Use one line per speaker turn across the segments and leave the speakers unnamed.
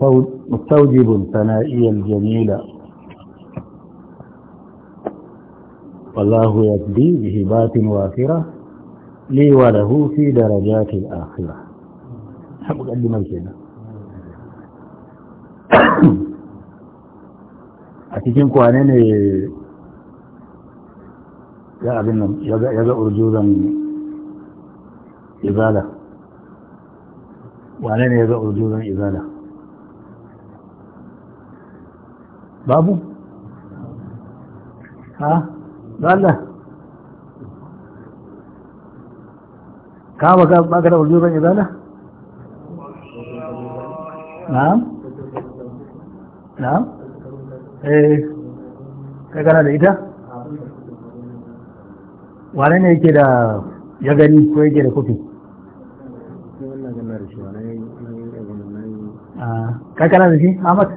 مستوجب ثنائي الجميل والله يبدي بهبات وافرة لي وله في درجات الآخرة حب أقدم الكلام a cikin kwane يا ya abin nan ya ga urjuzan izala wane babu ha Allah ka baka da baka da uljuban izala na'am na'am eh kai kana da ita wane ne yake da ya gani ko yake da kofi ah, kai kana da shi Ahmad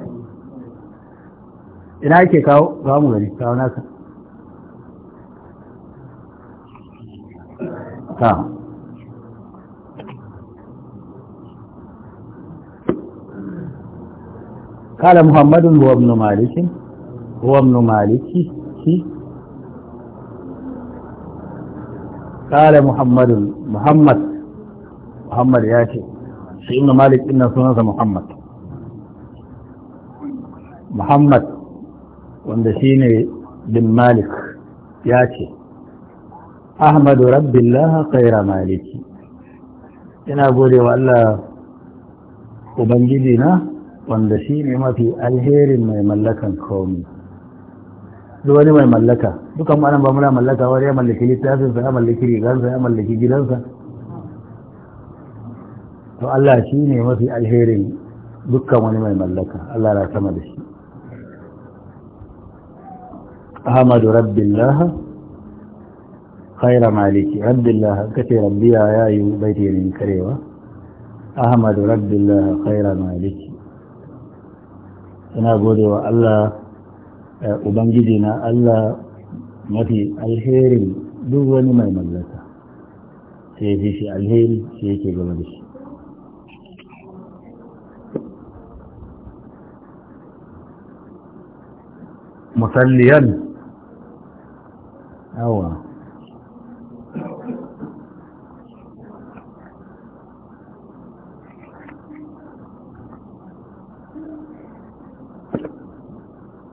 ina ake kawo za mu gani kawo nasa ta قال محمد هو ابن مالك هو ابن مالك قال محمد محمد محمد ياتي ابن مالك إن سنة محمد محمد wanda shi ne bin malik ya ce ahmadu rabbillah khaira maliki ina gode wa Allah ubangiji na wanda ne mafi alherin mai mallakan komi duk wani mai mallaka dukan mu anan ba muna mallaka wani ya mallaki littafinsa ya mallaki rigansa ya mallaki gidansa to Allah shi ne mafi alherin dukkan wani mai mallaka Allah na sama da shi أحمد رب الله خير مالك رب الله كثيرا بيا يا أيو بيتي من كريوة أحمد رب الله خير مالك أنا أقول الله أبنجدنا الله ما في الخير دون ما يملكه سيدي في الخير سيدي في الملك مصليا أو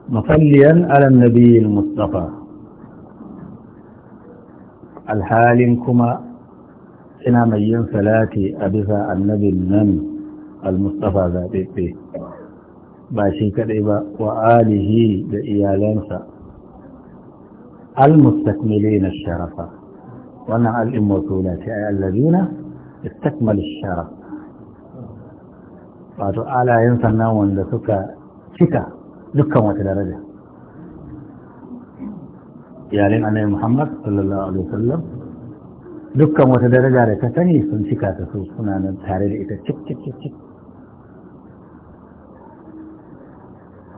مصليا على النبي المصطفى الحالم كما إنا من ينسى لاتي أبثى النبي من المصطفى ذاتي باشي كريبا وآله لإيالانسى المستكملين الشرف وانا الام وثولات الذين استكملوا الشرف فاتو على ينسى النوم لسكا شكا دكا وتدرجة يعلم أن محمد صلى الله عليه وسلم دكا وتدرجة لكتني سن شكا تسوسنا نتحرر إتا شك شك شك شك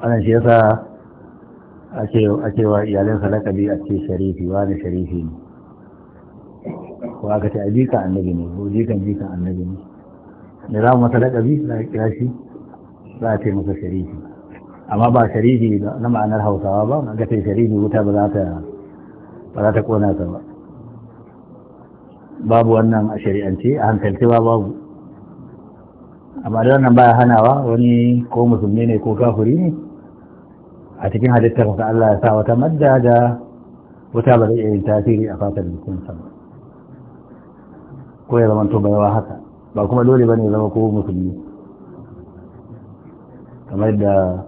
أنا شيئا a cewa iyalinsa lakabi a ce sharifi wani sharifi ne ko aka ce a jika annabi ne ko jikan jikan annabi ne da za mu masa lakabi za a kira shi za a ce masa sharifi amma ba sharifi na ma'anar hausawa ba ga ce sharifi wuta ba za ta ba za ta kona ta ba babu wannan a shari'ance a hankalci ba babu amma da wannan baya hanawa wani ko musulmi ne ko kafuri ne a cikin halittar da Allah ya sa wata madda da wata ba zai yin tasiri a fatar jikin sa ko ya zama to baiwa haka ba kuma dole ba ya zama ko musulmi kamar da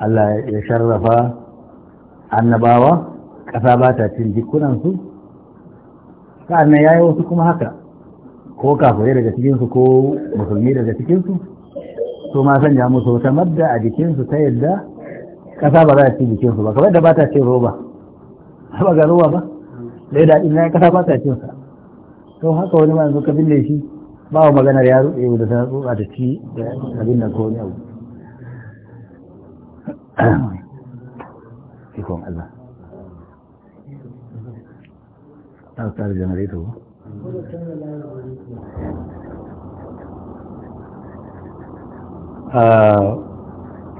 Allah ya sharrafa annabawa ƙasa ba ta cin jikunansu sa'annan ya yi wasu kuma haka ko kafirai daga cikinsu ko musulmi daga cikinsu su ma sanya musu wata madda a jikinsu ta yadda kasa ba za a ci jikin su ba kamar da ba ta cin roba ba ga roba ba da yadda ina kasa ba ta cin sa to haka wani ma yanzu ka binne shi ba wa maganar ya rufe da ta tsotsa ta ci da abin nan ko wani abu
ikon Allah
ta tsara janareto ba ah,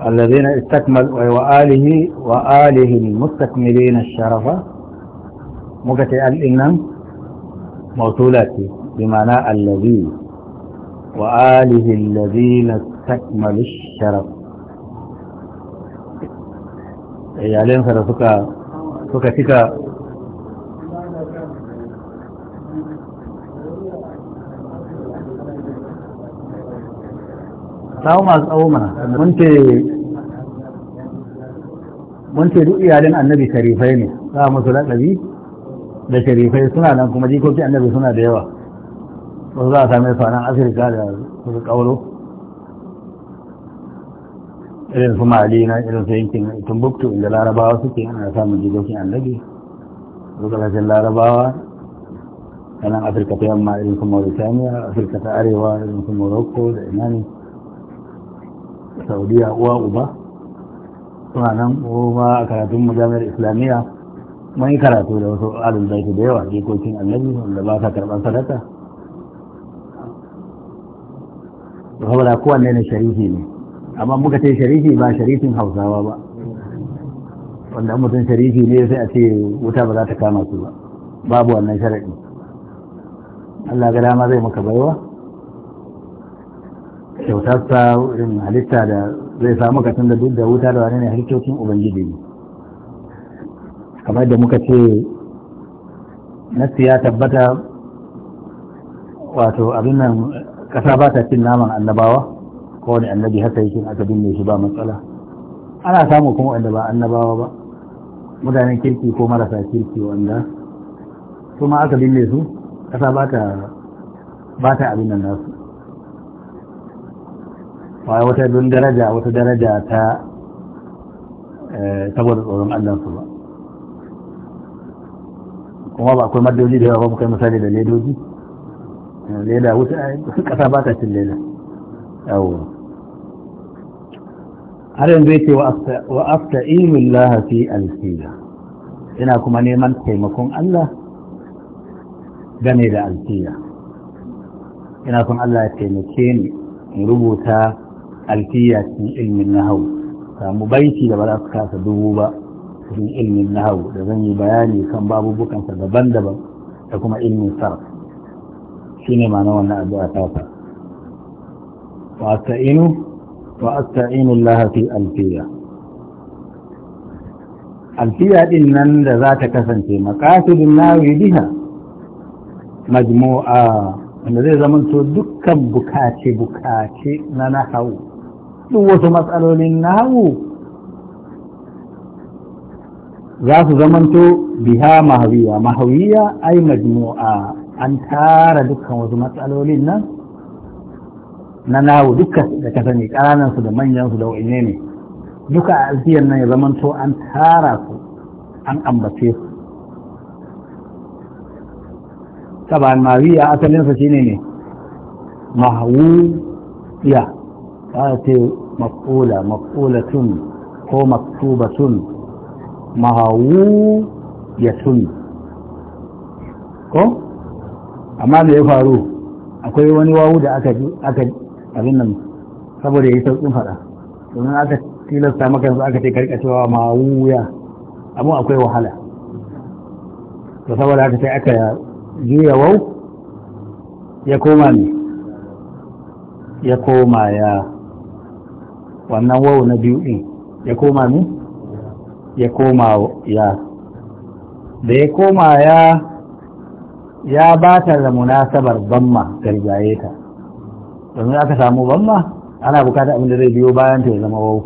الذين استكملوا وآله وآله المستكملين الشرف مكتئ الإنم موصولاتي بمعنى الذي وآله الذين استكملوا الشرف يعلم كده سكا سكا سكا
kawo masu tsawo
mun ce duk iyalin annabi sharifai ne za musu laƙabi da sharifai suna nan kuma jikokin annabi suna da yawa wasu za a same su a nan afirka da su ƙauro irin su mali na irin su yankin tumbuktu inda larabawa suke ana samun jikokin annabi su ƙarshen larabawa a nan afirka ta yamma irin su mauritania afirka ta arewa irin su morocco da inani saudiya uwa uba suna nan kuma a karatun mujami'ar islamiyya mun yi karatu da wasu alin zaiki da yawa jikokin annabi wanda ba ka karɓar sadaka saboda kowanne ne sharifi ne amma muka ce sharifi ba sharifin hausawa ba wanda mutum sharifi ne sai a ce wuta ba za ta kama su ba babu wannan sharaɗi Allah ga dama zai maka baiwa kyautarsa irin halitta da zai samu ka tunda duk da wuta da wani ne harkokin ubangiji ne kamar da muka ce nasi ya tabbata wato abin nan kasa ba ta cin naman annabawa ko wani annabi haka yake aka binne shi ba matsala ana samu kuma wanda ba annabawa ba mutanen kirki ko marasa kirki wanda kuma aka binne su kasa ba ta abin nan nasu ba wata don daraja wata daraja ta eh, saboda tsoron allansu ba kuma ba akwai madoji da yawa ba mu kai misali da ledoji eh, leda wuta kasa ba ta cin leda yawo har yanzu yake wa afta imin lahafi alfila ina kuma neman taimakon Allah game da alfila ina kuma Allah ya taimake ni rubuta alfiya cikin ilmin nahawu samu baiti da ba za su kasa dubu ba cikin ilmin nahawu da zan yi bayani kan babubukansa daban-daban da kuma ilmin sarf shi ne ma na wannan addu'a ta wa asta'inu wa asta'inu Allah fi alfiya alfiya din nan da za ta kasance maqasidun nawi biha majmu'a wanda zai zama to dukkan bukace-bukace na nahawu duk wasu matsalolin nahu za su zamanto biha mahawiya mahawiya ai majmu'a an tara dukkan wasu matsalolin nan na nahu dukkan da ka sani su da manyansu da wa'ine ne duka a alfiyar nan ya zamanto an tara su an ambace su saba mahawiya asalinsa shine ne mahawiya ce maf'ula tun ko tun ya tun ko amma da ya faru akwai wani wawu da aka aka abin nan saboda yi sauƙin faɗa domin aka tilasta maka yanzu aka ce karka cewa mawuya abun akwai wahala to saboda aka sai aka juya wau ya koma ne ya koma ya wannan wawo na biyu ɗin ya koma ne ya koma ya da ya koma ya ya ba ta da munasabar bamma gargaye ta domin aka samu bamma ana bukatar abin da zai biyo bayan ta ya zama wau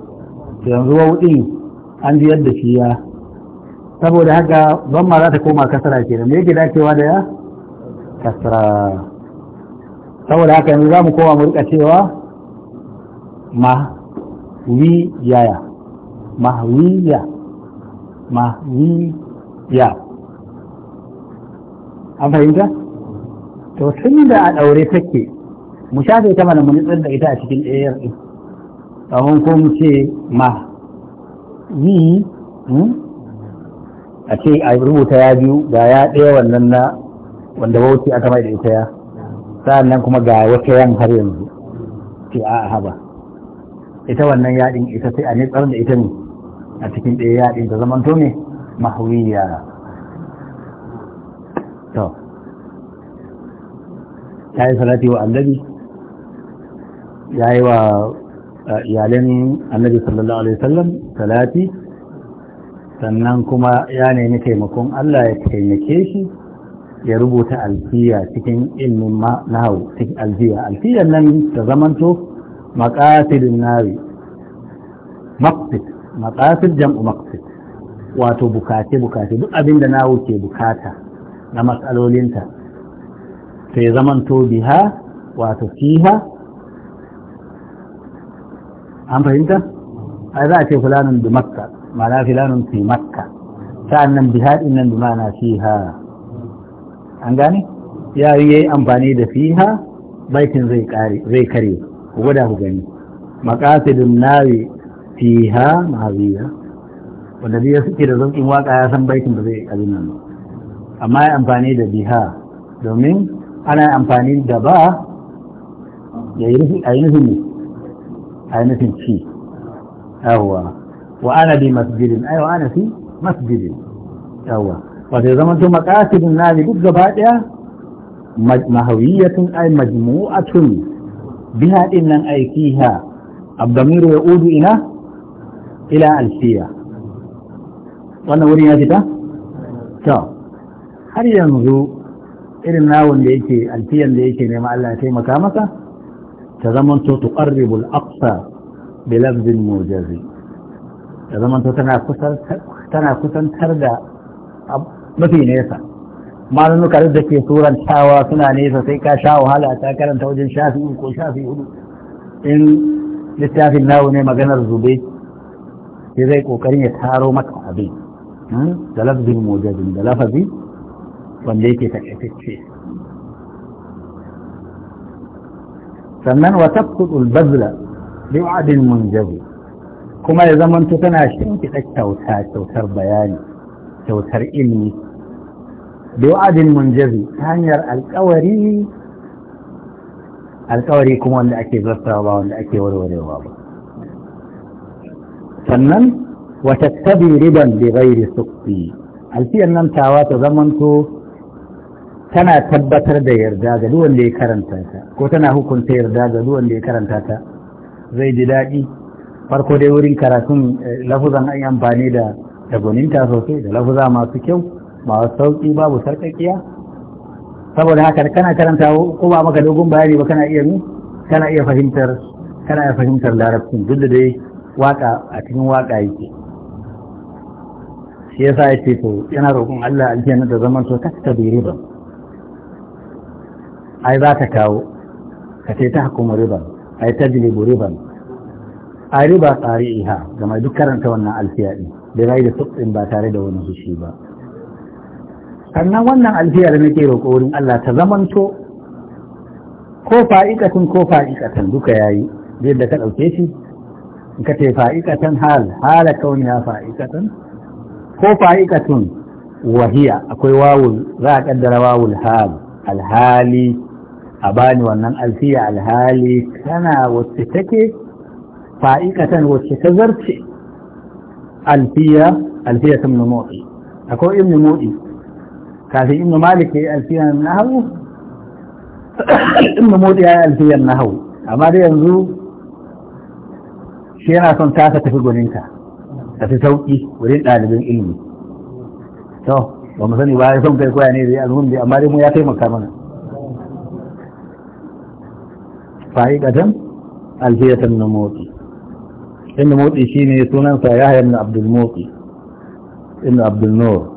yanzu wawo ɗin an ji yadda shi ya saboda haka bamma za ta koma kasara ke da yake dacewa da ya kasara saboda haka yanzu za mu koma mu rika cewa ma mahwiyaya mahwiya mahwiya an fahimta to tun da a ɗaure take mu shafe ta mana mu nitsar da ita a cikin ɗayar ɗin domin ko mu ce ma yi hmm? a ce a rubuta ya biyu ga ya ɗaya wannan na wanda bauchi aka mai da ita ya sa'an nan kuma ga wata yan har yanzu ce a haba ita wannan yaɗin ita sai a nitsar da ita ne a cikin ɗaya yaɗin ta zamanto ne mahawiya to ya yi salati wa annabi ya yi wa iyalan annabi sallallahu alaihi wasallam salati sannan kuma ya nemi taimakon Allah ya taimake shi ya rubuta alfiya cikin ilmin na hau cikin alfiya alfiyan nan da zamanto مقاتل النار مقصد مقاتل جمع مقصد wato bukace bukace duk abinda na wuce bukata na matsalolinta sai zaman to biha wato fiha an fahimta ai za a ce fulanin bi makka ma'ana fulanin fi makka sa'annan biha din bi ma'ana fiha an gane yayi amfani da fiha bakin zai kare zai kare ku gwada ku gani maqasidun ha fiha ma'awiya wanda zai suke da zaukin waka ya san baitin da zai abin nan amma ya amfani da biha domin ana amfani da ba ya yi nufin a yi nufin ne ainihin ci yawwa wa ana bi masjidin ai wa ana fi masjidin yawwa wata ya zama to maqasidun nawi duk gaba daya mahawiyatun ai majmu'atun biha din nan aikiha abdamiru ya udu ina ila alfiya wannan wurin ya fita? to har yanzu irin nawon da ke alfiyan da yake nema Allah ya taimaka masa ta zamanto tuqarribu al ta tana kusantar da mafi nesa malunukar da ke surantawa suna nesa sai ka sha wahala ta karanta wajen shafi ko shafi hudu in littafin nawo ne maganar zube sai zai kokarin ya taro maka abin hmm? da lafazin mujazin da lafazi wanda yake takaitacce sannan wa tafkudu albazla bi wa'din munjazi kuma ya zamanto tana shimfiɗa kyauta kyautar bayani kyautar ilmi biwadin munjazi ta hanyar alkawari alkawari kuma wanda ake zartawa ba wanda ake warwarewa ba sannan wata tabi riban da gairi sufi alfiyar nan tawa ta zamanto tana tabbatar da yarda ga duk wanda ya karanta ta ko tana hukunta yarda ga duk wanda ya karanta ta zai ji daɗi farko dai wurin karatun lafuzan an yi amfani da da gwaninta sosai da lafuza masu kyau masu sauƙi babu sarƙaƙiya saboda haka kana karanta ko ba maka dogon bayani ba kana iya kana iya fahimtar kana iya fahimtar larabcin duk da dai waka a cikin waka yake shi yasa ya ce to yana roƙon Allah aljanna da zaman to ta bi ba ai za ta kawo ka ce ta hukuma riba ai ta tajlibu riba ai riba tsari'iha ga mai duk karanta wannan alfiya din da rai da tsotsin ba tare da wani fushi ba sannan wannan alfiyar na ke roƙorin Allah ta zamanto ko fa'ikatan ko fa'ikatan duka ya yi, yayi da ka ɗauke shi in ka ce fa'ikatan hal hala kauniya fa'ikatan ko fa'ikatun wahiya akwai wawul za a ƙaddara wawul hal alhali a bani wannan alfiya alhali kana wacce take fa'ikatan wacce ta zarce alfiya alfiya ta mnumoti akwai ibn mudi كافي إنه مالك ألفية من أهو إنه مودي ألفية من أهو أما دي أنزو شيئا كن كافة تفقون إنك تفتوكي ورين آلبين إلمي تو ومثلا يبارسون كيكو يعني دي أنهم دي أما دي مياتي مكامنا فايق أتم ألفية من موتي إن موتي شيني يتونان سيهي من عبد الموتي إن عبد النور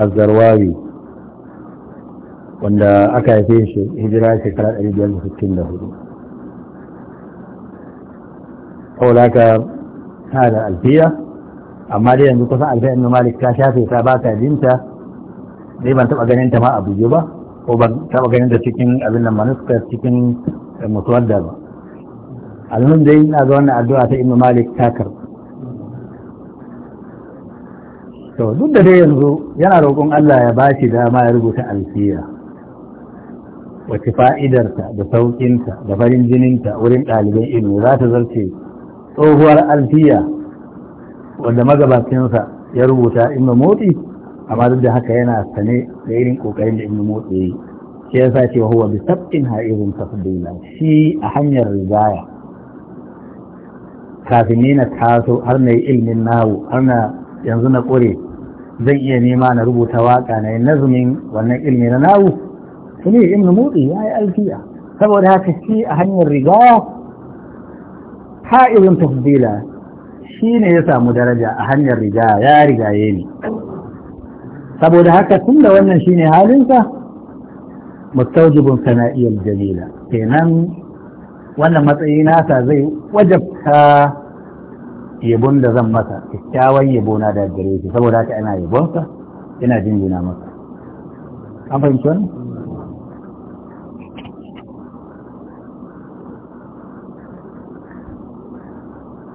الزرواوي wanda aka haife shi hijira shekara 564 saboda haka ta da alfiya amma dai yanzu kusan alfiya ibn malik ta shafe ta ba ta jinta dai ban taba ganin ta ma abu buge ba ko ban taba ganin ta cikin abin nan manuscript cikin mutuwar da ba almin dai ina ga wannan addu'a ta ibn malik ta karɓa to duk da dai yanzu yana roƙon Allah ya ba shi dama ya rubuta alfiya wace fa'idarta da sauƙinta da farin jininta wurin ɗaliban ilimi za ta zarce tsohuwar alfiya wanda magabacinsa ya rubuta ibn motsi amma duk da haka yana sane da irin ƙoƙarin da ibn motsi yi shi ya sa ce wa huwa bi sab'in ha'izun shi a hanyar rigaya kafin ni na taso har na yi ilimin nahu har na yanzu na ƙure zan iya nema na rubuta waƙa na yi nazumin wannan ilmi na nahu Sabi ibn Mudi ya yi alfiya saboda haka shi a hanyar riga ha'izin tafdila shi ne ya samu daraja a hanyar riga ya rigaye ne saboda haka tun da wannan shi ne halinsa mustaujibin sana'iyar jamila kenan wannan matsayi nasa zai wajabta yabon da zan masa kyakkyawan yabo na da gare shi saboda haka ina yabonsa ina jinjina masa
an fahimci wannan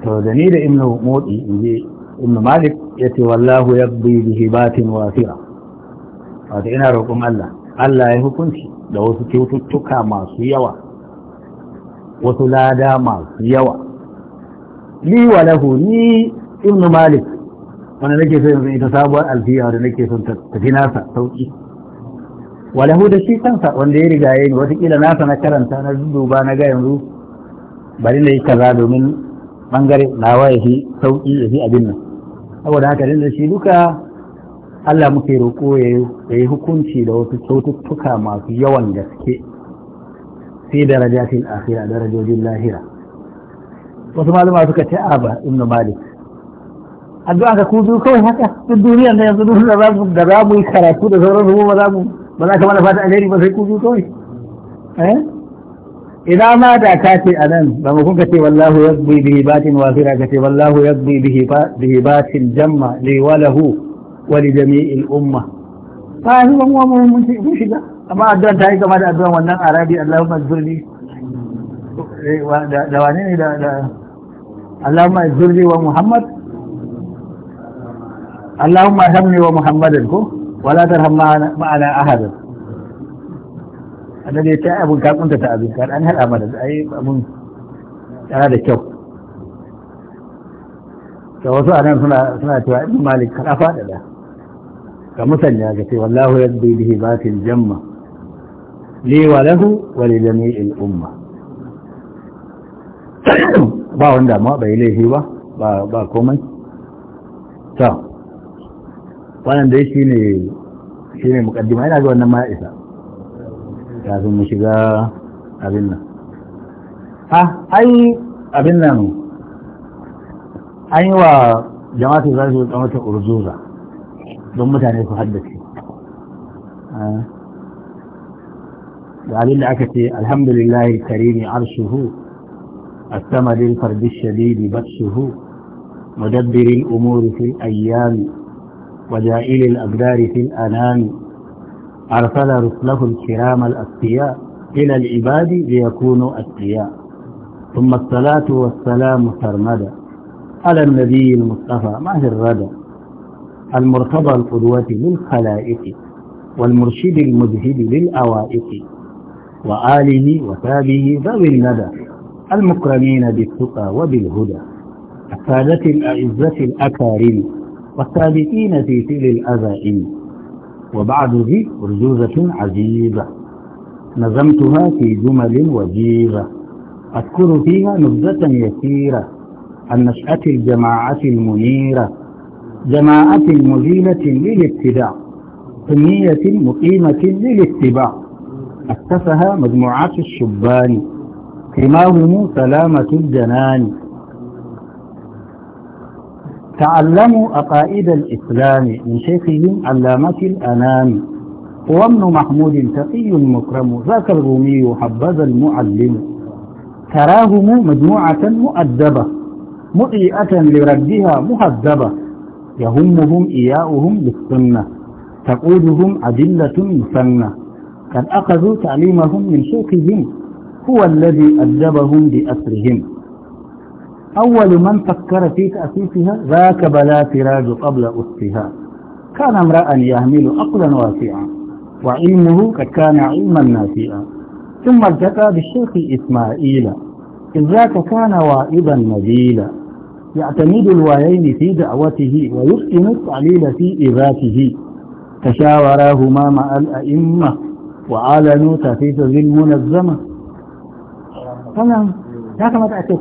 to da ni da imnu motsi je, imnu malik ce wallahu yabdi bi hibatin wafira wato ina roƙon Allah Allah ya hukunci da wasu cututtuka masu yawa wasu lada masu yawa Ni wa lahu ni ibnu malik wanda nake so yanzu ita sabuwar alfiya da nake son tafi nasa sauki wa lahu da shi kansa wanda ya riga yayi watakila nasa na karanta na duba na ga yanzu bari na yi kaza domin bangare nawa ya fi sauƙi ya fi abin nan saboda haka dinda shi duka Allah muke roƙo ya yi hukunci da wasu kyaututtuka masu yawan gaske sai darajatin akhira darajojin lahira wasu malama suka ce aba ibnu malik addu'a ka ku kawai haka duk duniya da yanzu duk da za mu yi karatu da sauran su ba za mu ba za ka mana fata alheri ba sai ku biyu kawai eh ina ma da ka ce a nan ba mu kuka ce wallahu ya zubi bihi wafira ka ce wallahu ya zubi bihi batin jamma walahu wa li umma ba shi ban wa mun shiga amma addu'an ta yi kama a addu'an wannan arabi allahumma zurni eh, da wane ne da wa ko annabi ya ce abun ka kunta ta abin ka an hada mana ai abun tsara da kyau da wasu anan suna suna cewa ibn malik kada fada da ka musanya ga ce wallahu yadbi bihi batil jamma li wa lahu wa li jami'il umma ba wanda ma bai laifi ba ba komai to wannan dai shine shine mukaddima ina ga wannan ma isa kafin mu shiga abin nan ha ai abin nan an yi wa jama'atu za su tsamata urzuza don mutane su haddace da abin da aka ce alhamdulillahi karimi arshuhu الثمد الفرد الشديد بأسه مدبر الأمور في الأيام وجائل الأقدار في الأنام أرسل رسله الكرام الأسقياء إلى العباد ليكونوا أسقياء ثم الصلاة والسلام سرمدا على النبي المصطفى ماهر الردى المرتضى القدوة للخلائق والمرشد المجهد للأوائق وآله وتابه ذوي الندى المكرمين بالتقى وبالهدى السادة الأعزة الأكارم والسابقين في سل الأذائم وبعده أرجوزة عجيبة نظمتها في جمل وجيزة أذكر فيها نبذة يسيرة عن نشأة الجماعة المنيرة جماعة مزيلة للابتداع سنية مقيمة للاتباع أكتفها مجموعات الشبان سماهم سلامة الجنان تعلموا أقائد الإسلام من شيخهم علامة الأنام وابن محمود تقي مكرم ذاك الرومي حبذا المعلم تراهم مجموعة مؤدبة مطيئة لردها مهذبة يهمهم إياؤهم للسنة تقودهم أدلة مسنة قد أخذوا تعليمهم من شوقهم هو الذي أدبهم بأسرهم أول من فكر في تأسيسها ذاك بلا فراج قبل أسها كان امرأ يهمل عقلا واسعا وعلمه قد كان علما نافئا ثم التقى بالشيخ إسماعيل إذ ذاك كان وائبا نبيلا يعتمد الوايين في دعوته ويحسن التعليل في إباته تشاوراهما مع الأئمة وعلنوا تفيت ذي المنظمة تمام لا كما تأتي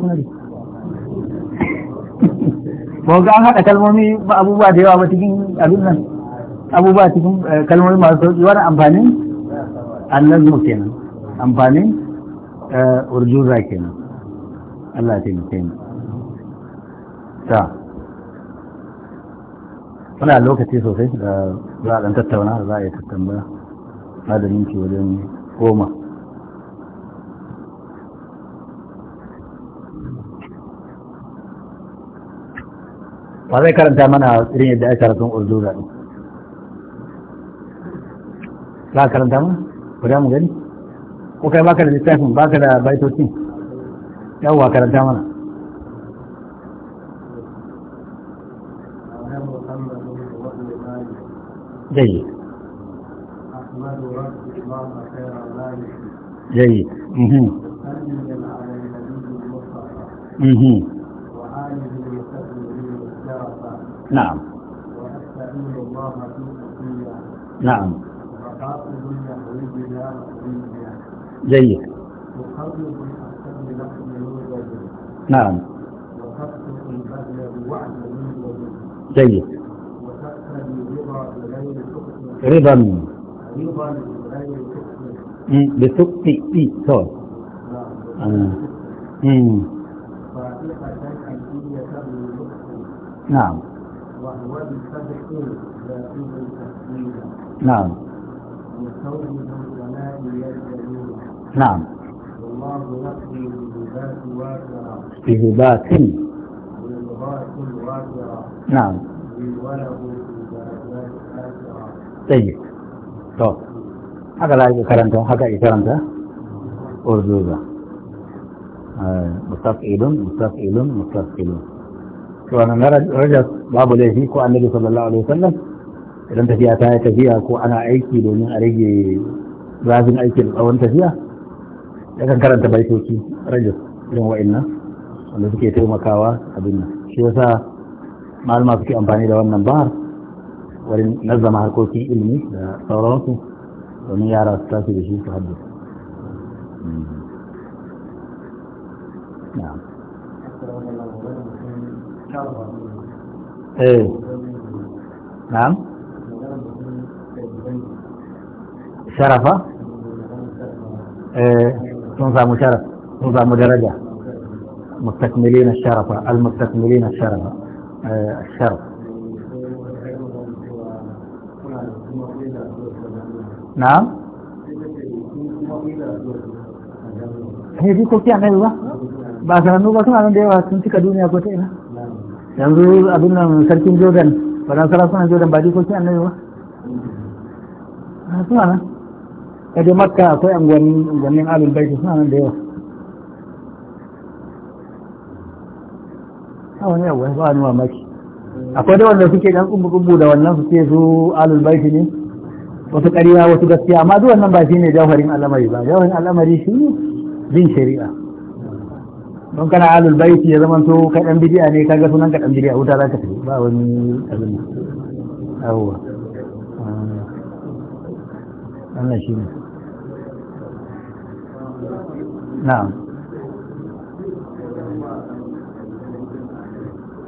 ba ga an haɗa kalmomi abubuwa da yawa ba cikin abin nan abubuwa cikin eh, kalmomi masu sauƙi wani amfanin annazmu kenan amfanin eh, urjuza kenan Allah ya taimake mu ta muna lokaci sosai da za a ɗan tattauna za a yi tattauna na da minti wajen goma ba zai karanta mana irin yadda aka karatun urdu ba ne. za a karanta mu guda mu gani ko kai baka da littafin baka da baitoci yawwa karanta mana
jayi jayi mhm mhm نعم ونستعين الله في الدنيا نعم وحافظ لحبيبنا وحبيبنا جيد وحافظ الأحسن لكم من نعم وتفتح البدن بوعد من جيد وتقتدي رضا بغير سخط رضا رضا بغير سخط
بسخط اي
سوري آه. نعم فاتحة الدنيا تبدو نعم نعم نعم والله
يقضي نعم طيب طب haka za a yi karanta haka yi karanta urduza mustaqilun mustaqilun mustaqilun to rajas babu laifi ko annabi sallallahu alaihi wasallam idan tafiya ta yi tafiya ko ana aiki domin a rage zafin aikin tsawon tafiya ya kan karanta baitoci rajas irin wa'annan wanda suke taimakawa abin nan shi yasa malama suke amfani da wannan bahar wurin nazama harkokin ilimi da sauransu domin yara su tafi da shi su haddasa na'am eh. شرفة إيه، تنزع مشرف تنزع مدرجة مستكملين الشرفة المستكملين الشرفة إيه، الشرف
نعم هي دي كل تعمل الله
بعد أن نوبة كما أنه ديوها تنسك الدنيا ينظر يعني أبنا من سركين جودا فلا سلاسنا جودا بعد كل تعمل الله هذا سوانا kaje makka akwai angwannin alul baiti suna nan da yawa a wani abu ba ni mamaki akwai da wanda suke dan kumbu-kumbu da wannan su ce su alul baiti ne wasu ƙarya wasu gaskiya amma duk wannan ba shi ne jawharin al'amari ba jawharin al'amari shi bin shari'a don kana alul baiti ya zama to ka dan bidiya ne kaga sunan ka dan bidiya wuta za ka tafi ba wani abin
da yawwa Allah shi ne na'am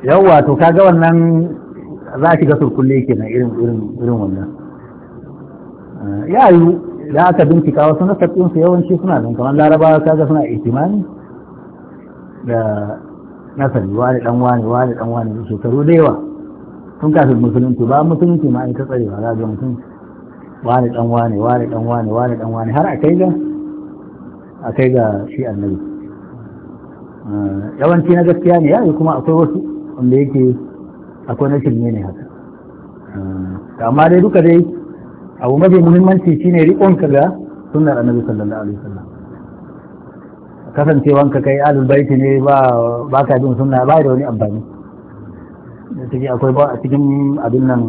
yawwa to kaga wannan za ki ga surkulle kenan irin irin irin wannan eh, ya yi da aka bincika wasu na sabbin su yawanci suna nan kamar larabawa kaga suna itimani da nasari wani dan wani wani dan wani shekaru da yawa tun kafin musulunci ba musulunci ma in tsarewa za ga mutum wani dan wani wani dan wani wani dan wani har a kai ga a kai ga shi annabi yawanci na gaskiya ne yayi kuma akwai wasu wanda yake akwai na shirme ne haka amma dai duka dai abu mafi muhimmanci shine rikon ka ga sunnar annabi sallallahu alaihi wasallam kasancewan ka kai alul baiti ne ba ba ka jin sunna ba da wani amfani take akwai ba a cikin abin nan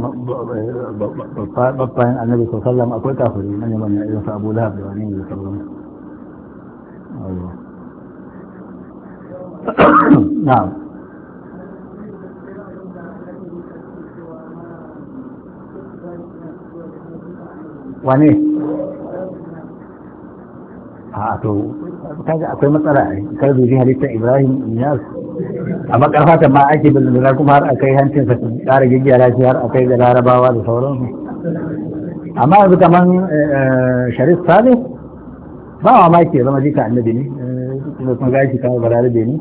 babban annabi sallallahu alaihi wasallam akwai kafiri na ne ban yi sa Abu Lahab da wani ne sallallahu
أيوة نعم wane a to
kaga akwai matsala kar zuri halittar ibrahim niyas a makarfata ma ake bilbila kuma har akai hancin sa tsara gigiyara shi har akai ga larabawa da sauransu amma yanzu eh, eh, sharif ba wa maki zama jika annabi ne eh, kuma sun gashi kama da ne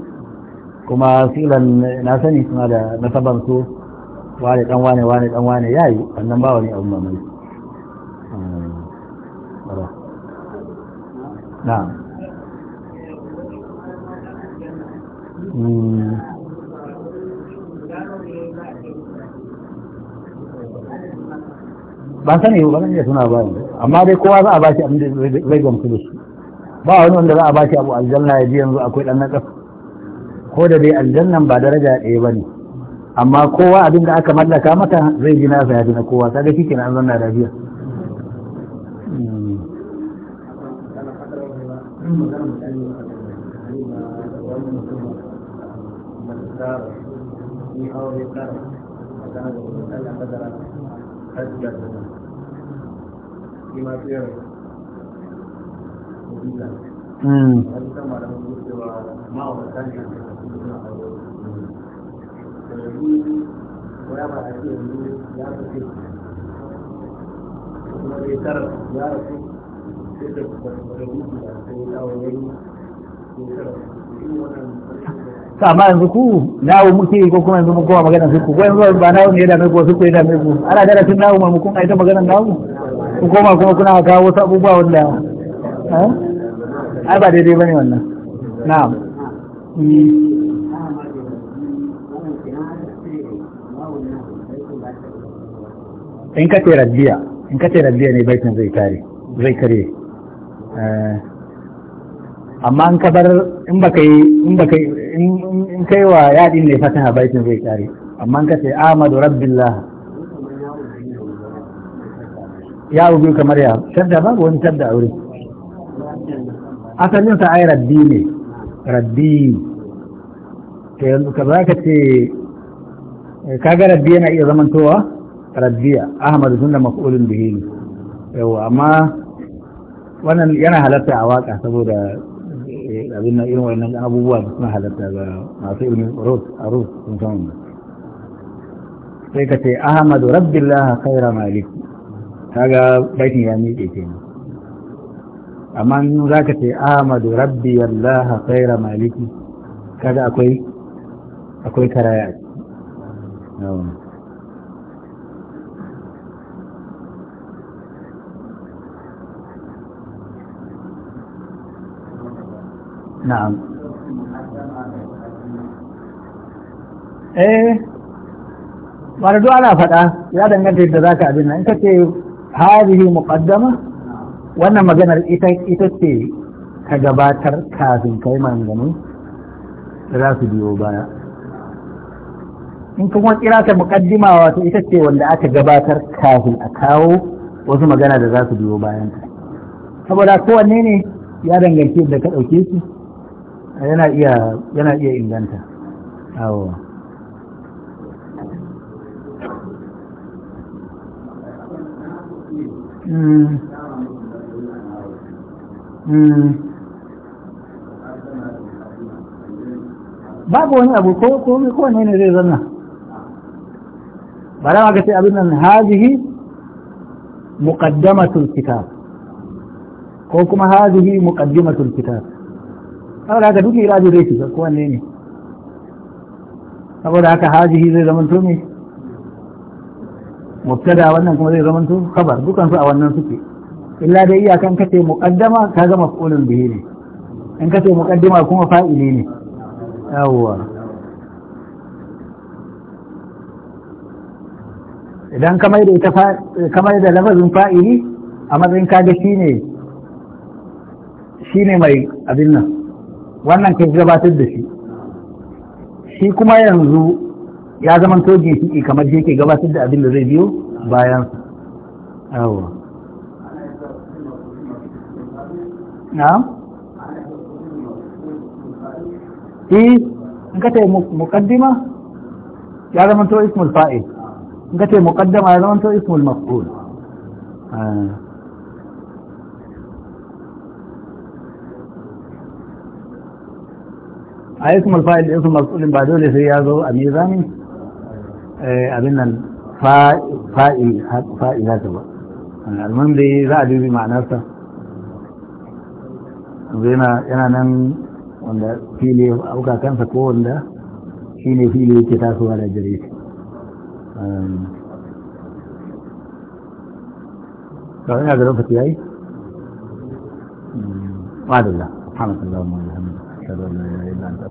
kuma silan na sani suna da nasaban su wane dan wane wane dan wane yayi annan ba wani abu mamaki
eh, na hmm.
ban sani ba ne suna ba amma dai kowa za a ba shi abin da zai gamsu da su ba wani wanda za a ba shi abu aljanna ya ji yanzu akwai ɗan naƙas ko da dai aljannan ba daraja ɗaya ba ne amma kowa abin da aka mallaka mata zai gina nasa ya fi na kowa kaga shi kenan an
zanna biya. Thank hmm. you.
amma yanzu ku nawo muke ko kuma yanzu mun kowa magana suku ko yanzu ba nawo ne da mai ko suku da mai ku ana da tun nawo ma mun kun aita maganar nawo ku koma kuma kuna kawo wasu abubuwa wanda
eh ai ba
daidai bane wannan na'am in ka ce rabbiya in ka ce rabbiya ne baitin zai kare zai kare eh, amma in ka bar in ba kai in kai in kai wa yadin ne fataha baitin zai kare amma in ka ce amadu rabbillah ya ubi kamar ya shadda babu wani shadda a wurin asalinsa ai raddi ne raddi ka yanzu ka za ka ce kaga raddi yana iya zamantowa raddiya ahmad sunna maf'ulun bihi ne yawa amma wannan yana halatta a waka saboda abin na irin wannan abubuwa da suna halatta ga masu ilmin rot a rot sun san wannan sai ka ce ahmadu rabbillah khaira malik kaga baitin ya miƙe kenan amma za ka ce amadu rabbi Allah khaira maliki kaga akwai akwai karaya na'am eh ba da ana faɗa ya danganta da za ka abin nan in ka ce hadihi muqaddama wannan maganar ita ce ta gabatar kafin kai maganganu da za su biyo baya in kuma kira ta mukaddima wato ita ce wanda aka gabatar kafin a kawo wasu magana da za su biyo bayan ta saboda kowanne ne ya danganci da ka ɗauke shi yana iya inganta awo
Mm. Hmm.
babu wani abu ko komai ko ne ne zai zanna ba da ga sai abin nan hazihi muqaddamatul kitab ko kuma hazihi muqaddimatul kitab saboda haka duk irabi zai shiga ko wanne ne saboda haka hajihi zai zama to ne mubtada wannan kuma zai zama to khabar dukan su a wannan suke illa dai kan kace muqaddama ka ga maf'ulun bihi ne in kace muqaddama kuma fa'ili ne yawwa idan kamar da ita kamar da lafazin fa'ili a matsayin ga shine shine mai abin nan wannan kai gabatar da shi shi kuma yanzu ya zama to shi kamar shi ke gabatar da abin da zai biyo bayan yawa نعم في انكتا مقدمة يعلم انتو اسم الفائل انكتا مقدمة يعلم انتو اسم المفعول اي آه. اسم الفائل اسم المفعول بعدولي سيادو اميزاني آه، ابن الفائل فائل هاتفا آه، المهم دي ذا دي بمعناسة zina yana nan wanda fili ya auka kansa ko wanda shi ne fili yake tasowa da gare shi kawai um, na ga lokaci yayi
um, madalla alhamdulillah wa alhamdulillah